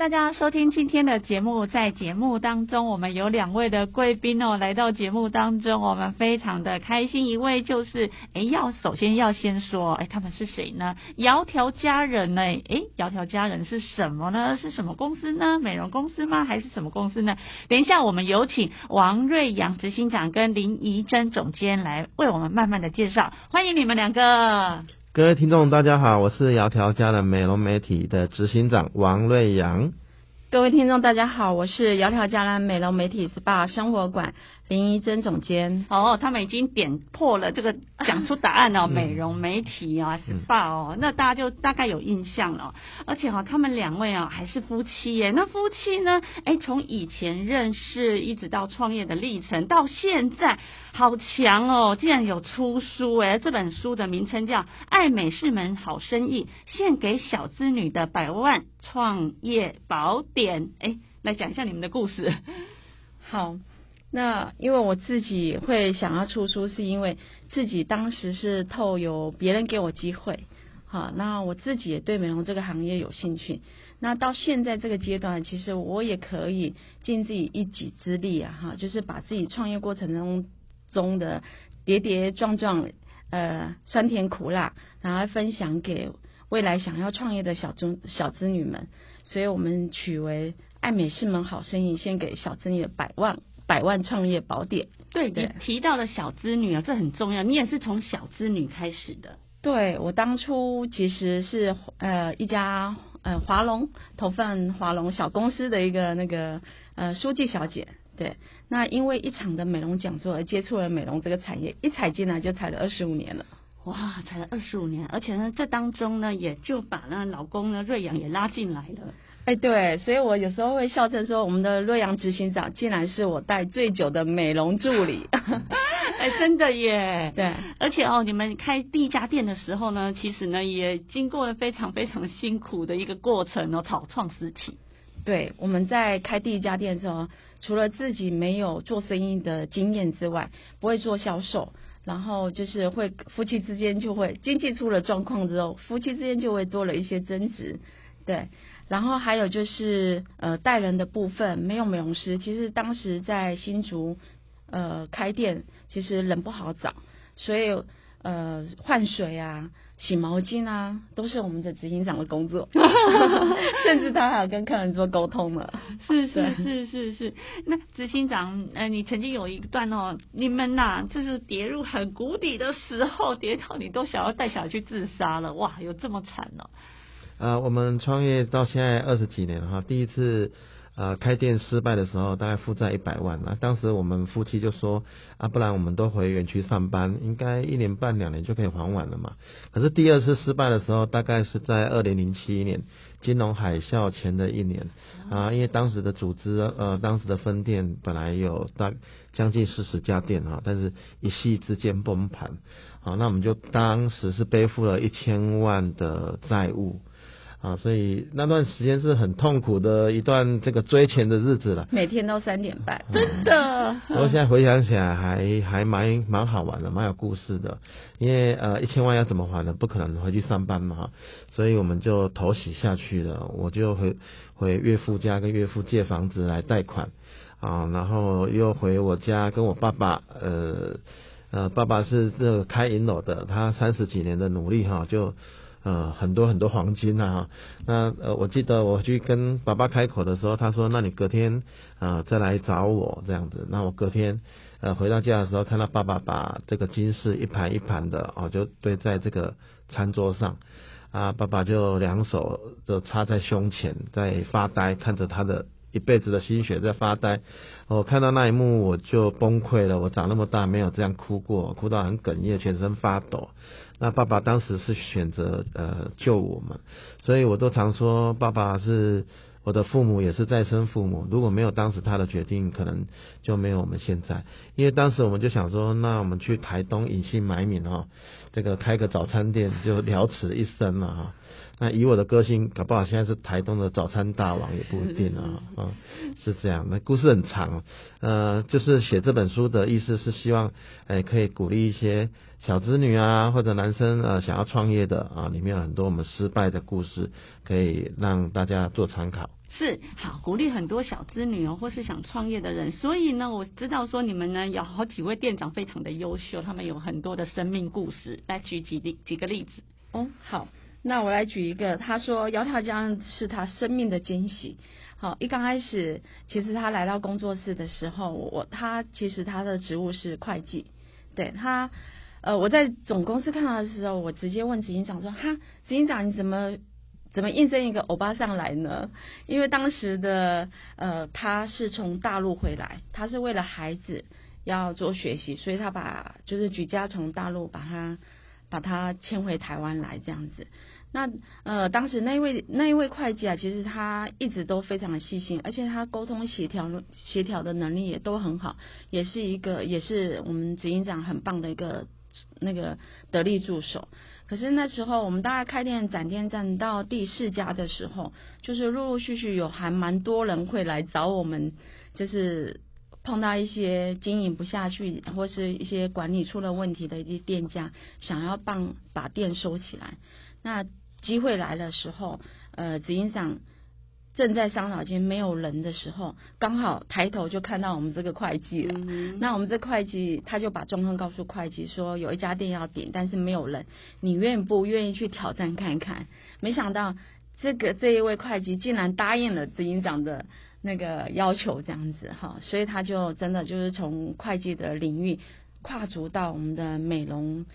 大家收聽今天的節目，在節目當中，我們有兩位的貴賓哦，來到節目當中，我們非常的開心。一位就是，哎，要首先要先說，哎，他們是誰呢？窈窕佳人呢？哎，窈窕佳人是什麼呢？是什麼公司呢？美容公司嗎？還是什麼公司呢？等一下，我們有請王瑞揚執行長跟林沂蓁總監來為我們慢慢的介紹，歡迎你們兩個。各位聽眾，大家好，我是窈窕佳人美容美體的執行長王瑞揚。各位聽眾，大家好，我是窈窕佳人美容美體 SPA 生活館。林沂蓁總監哦，他們已經點破了這個，講出答案哦， 嗯、美容美體啊，SPA 哦，那大家就大概有印象了。嗯、而且哈、哦，他們兩位啊、哦、還是夫妻耶。那夫妻呢，誒、欸、從以前認識一直到創業的歷程，到現在好強哦，竟然有出書誒，這本書的名稱叫《愛美是門好生意》，獻給小資女的百萬創業寶典。誒、欸、來講一下你們的故事。好。那因為我自己會想要出書，是因為自己當時是透有別人給我機會，好，那我自己也對美容這個行業有興趣。那到現在這個階段，其實我也可以盡自己一己之力啊，哈，就是把自己創業過程中中的跌跌撞撞、呃酸甜苦辣，然後分享給未來想要創業的小中小資女們。所以我們取為“愛美是門好生意”，獻給小資女的百萬。百萬創業寶典，對的。對，你提到了小資女啊，喔，這很重要。你也是從小資女開始的。對，我當初其實是呃一家呃華龍，投放華龍小公司的一個那個呃書記小姐。對，那因為一場的美容講座而接觸了美容這個產業，一踩進來就踩了二十五年了。哇，踩了二十五年，而且呢，這當中呢，也就把那老公呢瑞揚也拉進來了。哎、欸，對，所以我有時候會笑稱說，我們的瑞揚執行長竟然是我帶最久的美容助理。哎、 欸，真的耶。對，而且哦，你們開第一家店的時候呢，其實呢也經過了非常非常辛苦的一個過程哦，草創時期。對，我們在開第一家店的時候，除了自己沒有做生意的經驗之外，不會做銷售，然後就是會夫妻之間就會經濟出了狀況之後，夫妻之間就會多了一些爭執。對，然後還有就是呃，帶人的部分沒有美容師。其實當時在新竹呃開店，其實人不好找，所以呃換水啊、洗毛巾啊，都是我們的執行長的工作。 甚至他還要跟客人做溝通了。 是是是是是，那執行長呃，你曾經有一段哦，你們吶、啊，就是跌入很谷底的時候，跌到你都想要帶小孩去自殺了。哇，有這麼慘哦？呃，我們創業到現在二十幾年哈，第一次呃開店失敗的時候，大概負債一百萬。那，啊，當時我們夫妻就說啊，不然我們都回園區上班，應該一年半兩年就可以還完了嘛。可是第二次失敗的時候，大概是在二零零七年金融海嘯前的一年啊，因為當時的組織呃，當時的分店本來有大將近四十家店哈，但是一夕之間崩盤，好，那我們就當時是背負了一千萬的債務。啊，所以那段時間是很痛苦的一段這個追錢的日子了，每天都三點半，嗯、真的。我現在回想起來還還蠻蠻好玩的，蠻有故事的。因為呃一千萬要怎麼還呢？不可能回去上班嘛，所以我們就投洗下去了。我就回回岳父家跟岳父借房子來貸款啊，然後又回我家跟我爸爸呃呃爸爸是這個開銀樓的，他三十幾年的努力哈、啊、就。呃，很多很多黃金吶、啊，那呃，我記得我去跟爸爸開口的時候，他說，那你隔天啊、呃、再來找我這樣子。那我隔天呃回到家的時候，看到爸爸把這個金飾一盤一盤的哦、呃，就堆在這個餐桌上，啊，爸爸就兩手就插在胸前，在發呆看着他的。一輩子的心血在發呆，我、哦，看到那一幕我就崩潰了。我長那麼大沒有這樣哭過，哭到很哽咽，全身發抖。那爸爸當時是選擇呃救我們，所以我都常說爸爸是我的父母，也是再生父母。如果沒有當時他的決定，可能就沒有我們現在。因為當時我們就想說，那我們去台東隱姓埋名哈、哦，這個開個早餐店就了此一生了哈、哦。那以我的個性，搞不好現在是台東的早餐大王也不一定啊是，是，是、嗯、是這樣。那故事很長呃，就是寫這本書的意思是希望，哎、欸，可以鼓勵一些小資女啊，或者男生呃、啊、想要創業的啊，裡面有很多我們失敗的故事，可以讓大家做參考。是，好，鼓勵很多小資女哦，或是想創業的人。所以呢，我知道說你們呢有好幾位店長非常的優秀，他們有很多的生命故事。來舉幾例幾個例子。嗯，好。那我來舉一個，他說《窈窕佳人》是他生命的驚喜。好，一剛開始，其實他來到工作室的時候，我他其實他的職務是會計。對他，呃，我在總公司看到的時候，我直接問執行長說：“哈，執行長，你怎麼怎麼應徵一個歐巴桑來呢？”因為當時的呃，他是從大陸回來，他是為了孩子要做學習，所以他把就是舉家從大陸把他。把他遷回台灣來這樣子，那呃當時那一位那一位會計啊，其實他一直都非常的細心，而且他溝通協調協調的能力也都很好，也是一個也是我們執行長很棒的一個那個得力助手。可是那時候我們大概開店展店站到第四家的時候，就是陸陸續續有還蠻多人會來找我們，就是。碰到一些經營不下去或是一些管理出了問題的一些店家，想要幫把店收起來，那機會來的時候，呃，直營長正在傷腦筋沒有人的時候，剛好抬頭就看到我們這個會計了。嗯、哼那我們這會計他就把狀況告訴會計說，有一家店要頂，但是沒有人，你願不願意去挑戰看看？沒想到這個這一位會計竟然答應了直營長的。那個要求這樣子哈，所以他就真的就是從會計的領域跨足到我們的美容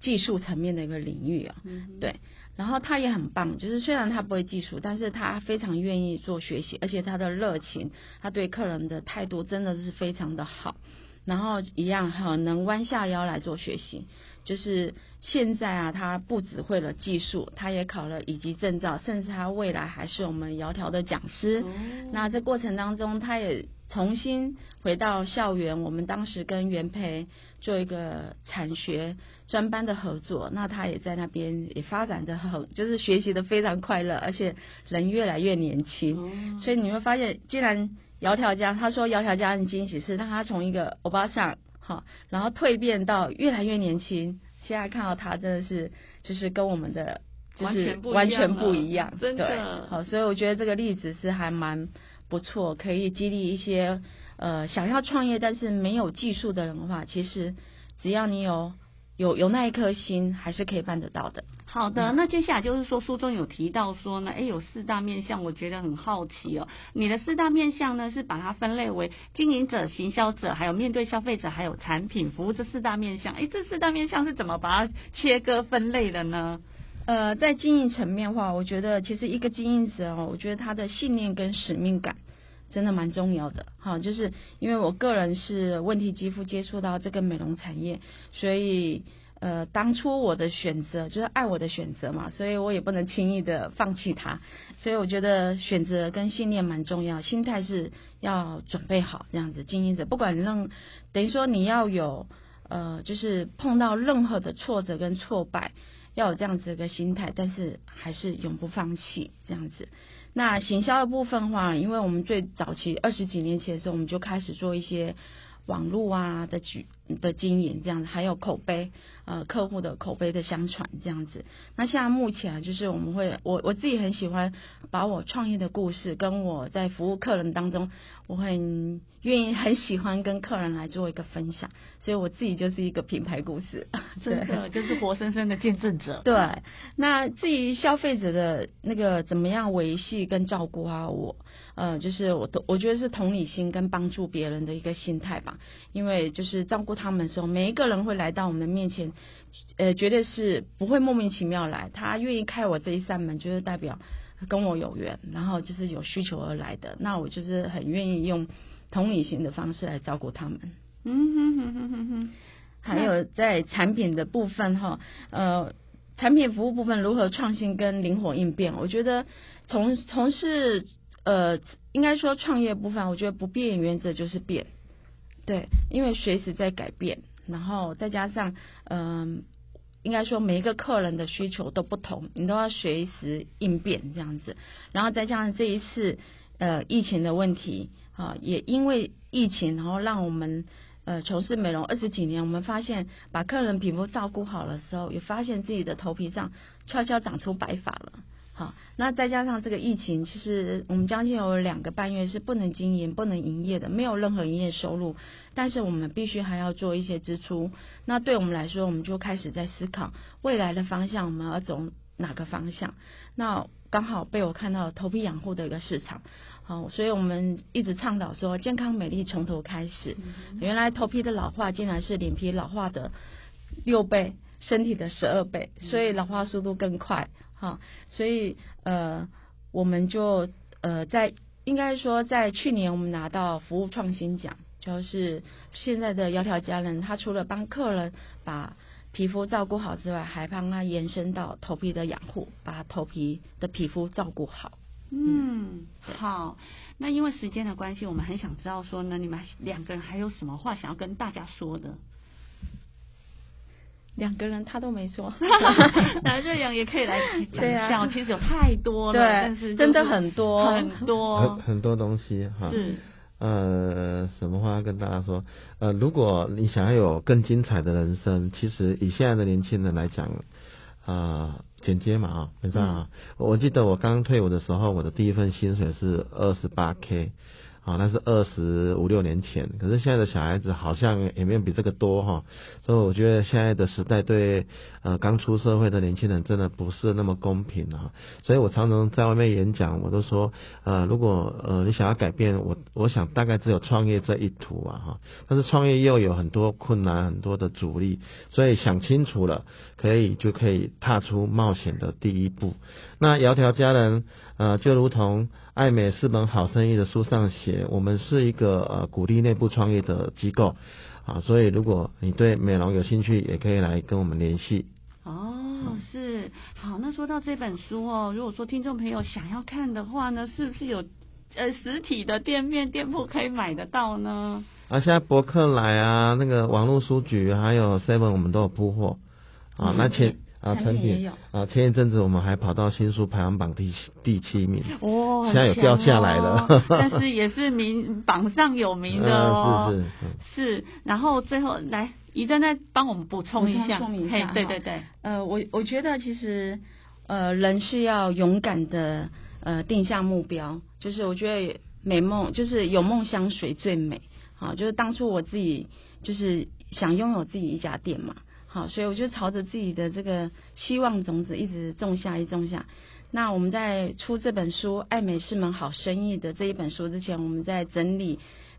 技術層面的一個領域啊。對，然後他也很棒，就是雖然他不會技術，但是他非常願意做學習，而且他的熱情，他對客人的態度真的是非常的好，然後一樣哈，能彎下腰來做學習。就是現在啊，他不只會了技術，他也考了乙級證照，甚至他未來還是我們窈窕的講師。哦、那這過程當中，他也重新回到校園。我們當時跟元培做一個產學專班的合作，那他也在那邊也發展的很，就是學習的非常快樂，而且人越來越年輕。哦、所以你會發現，既然窈窕家，他說窈窕家，很驚喜是讓他從一個歐巴桑。好，然後蛻變到越來越年輕，現在看到他真的是，就是跟我們的完全完全不一樣，完全不一樣了，對真的。好，所以我覺得這個例子，是還蠻不錯，可以激勵一些呃，想要創業，但是沒有技術的人的話，其實只要你有。有有那一顆心，還是可以辦得到的。好的，嗯、那接下來就是說，書中有提到說呢，誒、欸，有四大面向，我覺得很好奇哦。你的四大面向呢，是把它分類為經營者、行銷者，還有面對消費者，還有產品服務這四大面向。哎、欸，這四大面向是怎麼把它切割分類的呢？呃，在經營層面的話，我覺得其實一個經營者哦，我覺得他的信念跟使命感。真的蠻重要的哈，就是因為我個人是問題肌膚接觸到這個美容產業，所以呃，當初我的選擇就是愛我的選擇嘛，所以我也不能輕易的放棄它。所以我覺得選擇跟信念蠻重要，心態是要準備好這樣子。經營者不管讓等於說你要有呃，就是碰到任何的挫折跟挫敗，要有這樣子的一個心態，但是還是永不放棄這樣子。那行銷的部分的話，因為我們最早期二十幾年前的時候，我們就開始做一些網絡啊的舉的經營這樣子，還有口碑，呃，客戶的口碑的相傳這樣子。那現在目前啊，就是我們會，我我自己很喜歡把我創業的故事跟我在服務客人當中，我很願意很喜歡跟客人來做一個分享。所以我自己就是一個品牌故事，真的 對就是活生生的見證者。對，那至於消費者的那個怎麼樣維繫跟照顧啊，我，呃，就是我我覺得是同理心跟幫助別人的一個心態吧，因為就是照顧。他們的時候，每一個人會來到我們的面前，呃，絕對是不會莫名其妙來。他願意開我這一扇門，就是代表跟我有緣，然後就是有需求而來的。那我就是很願意用同理心的方式來照顧他們。嗯哼哼哼哼哼。還有在產品的部分哈，呃，產品服務部分如何創新跟靈活應變？我覺得從從事呃，應該說創業部分，我覺得不變原則就是變。對，因為隨時在改變，然後再加上，嗯、呃，應該說每一個客人的需求都不同，你都要隨時應變這樣子。然後再加上這一次，呃，疫情的問題，啊，也因為疫情，然後讓我們，呃，從事美容二十幾年，我們發現把客人皮膚照顧好的時候，也發現自己的頭皮上悄悄長出白髮了。好，那再加上這個疫情，其實我們將近有兩個半月是不能經營、不能營業的，沒有任何營業收入。但是我們必須還要做一些支出。那對我們來說，我們就開始在思考未來的方向，我們要走哪個方向？那剛好被我看到頭皮養護的一個市場，好，所以我們一直倡導說健康美麗從頭開始。原來頭皮的老化竟然是臉皮老化的六倍，身體的十二倍，所以老化速度更快。好，所以呃，我們就呃，在應該說在去年我們拿到服務創新獎，就是現在的窈窕佳人，他除了幫客人把皮膚照顧好之外，還幫他延伸到頭皮的養護，把頭皮的皮膚照顧好。嗯，嗯對好，那因為時間的關係，我們很想知道說呢，你們兩個人還有什麼話想要跟大家說的？兩個人他都沒說，哈哈，那這樣也可以來講笑，其實有太多了，對、啊，是是真的很多很多很多東西哈。嗯，呃，什麼話要跟大家說？呃，如果你想要有更精彩的人生，其實以現在的年輕人來講，呃，簡介嘛啊，沒辦法。嗯、我記得我剛退伍的時候，我的第一份薪水是二十八 K。啊、哦，那是二十五六年前，可是現在的小孩子好像也沒有比這個多哈，哦，所以我覺得現在的時代對呃剛出社會的年輕人真的不是那麼公平，哦，所以我常常在外面演講，我都說呃如果呃你想要改變，我我想大概只有創業這一途啊哈，但是創業又有很多困難，很多的阻力，所以想清楚了可以就可以踏出冒險的第一步，那窈窕佳人呃就如同。《愛美是門好生意》的書上寫，我們是一個呃鼓勵內部創業的機構，啊，所以如果你對美容有興趣，也可以來跟我們聯繫。哦，是，好，那說到這本書哦，如果說聽眾朋友想要看的話呢，是不是有呃實體的店面店鋪可以買得到呢？啊，現在博客來啊，那個網絡書局還有 Seven，我們都有鋪貨，啊，那請。嗯啊，陳婷。啊。前一陣子我們還跑到新書排行榜第第七名，哇、哦，哦、現在有掉下來了， 但是也是名榜上有名的哦，嗯、是是是。然後最後來沂蓁再幫我們補充一下，補充一下。對對對。呃，我我覺得其實呃，人是要勇敢的呃，定下目標，就是我覺得美夢就是有夢相隨最美，好，就是當初我自己就是想擁有自己一家店嘛。好，所以我就朝着自己的這個希望種子一直種下，一種下。那我們在出這本書《愛美是門好生意》的這一本書之前，我們在整理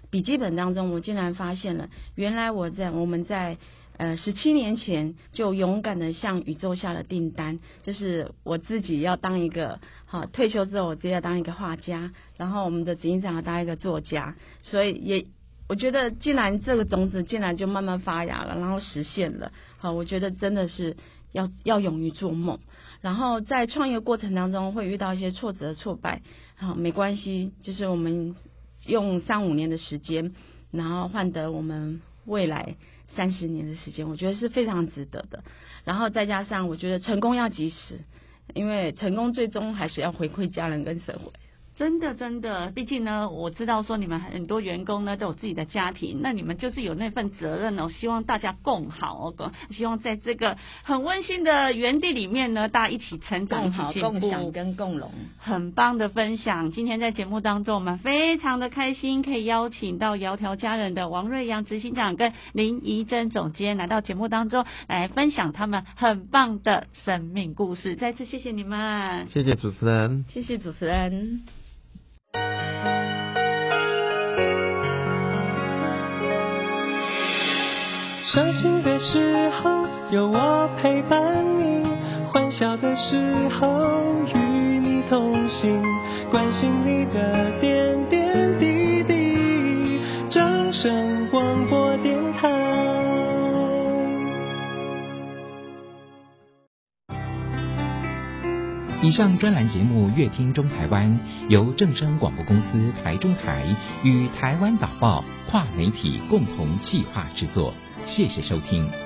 筆記本當中，我竟然發現了，原來我在我們在呃十七年前就勇敢地向宇宙下了訂單，就是我自己要當一個好退休之後，我直接要當一個畫家，然後我們的執行長要當一個作家，所以也。我覺得，既然這個種子竟然就慢慢發芽了，然後實現了，好，我覺得真的是要要勇於做夢。然後在創業過程當中會遇到一些挫折挫敗，好，沒關係，就是我們用三五年的時間，然後換得我們未來三十年的時間，我覺得是非常值得的。然後再加上，我覺得成功要及時，因為成功最終還是要回饋家人跟社會。真的，真的，畢竟呢，我知道說你們很多員工呢都有自己的家庭，那你們就是有那份責任哦，希望大家共好，哦，希望在這個很溫馨的園地裡面呢，大家一起成長，一起共享好中跟共榮。很棒的分享，今天在節目當中，我們非常的開心，可以邀請到窈窕佳人的王瑞揚執行長跟林沂蓁總監來到節目當中來分享他們很棒的生命故事。再次謝謝你們。謝謝主持人，謝謝主持人。傷心的時候有我陪伴你，歡笑的時候與你同行，關心你的點點滴滴。正聲廣播電台。以上專欄節目《閱聽中台灣》由正聲廣播公司台中台與台灣導報跨媒體共同計劃制作。謝謝收聽。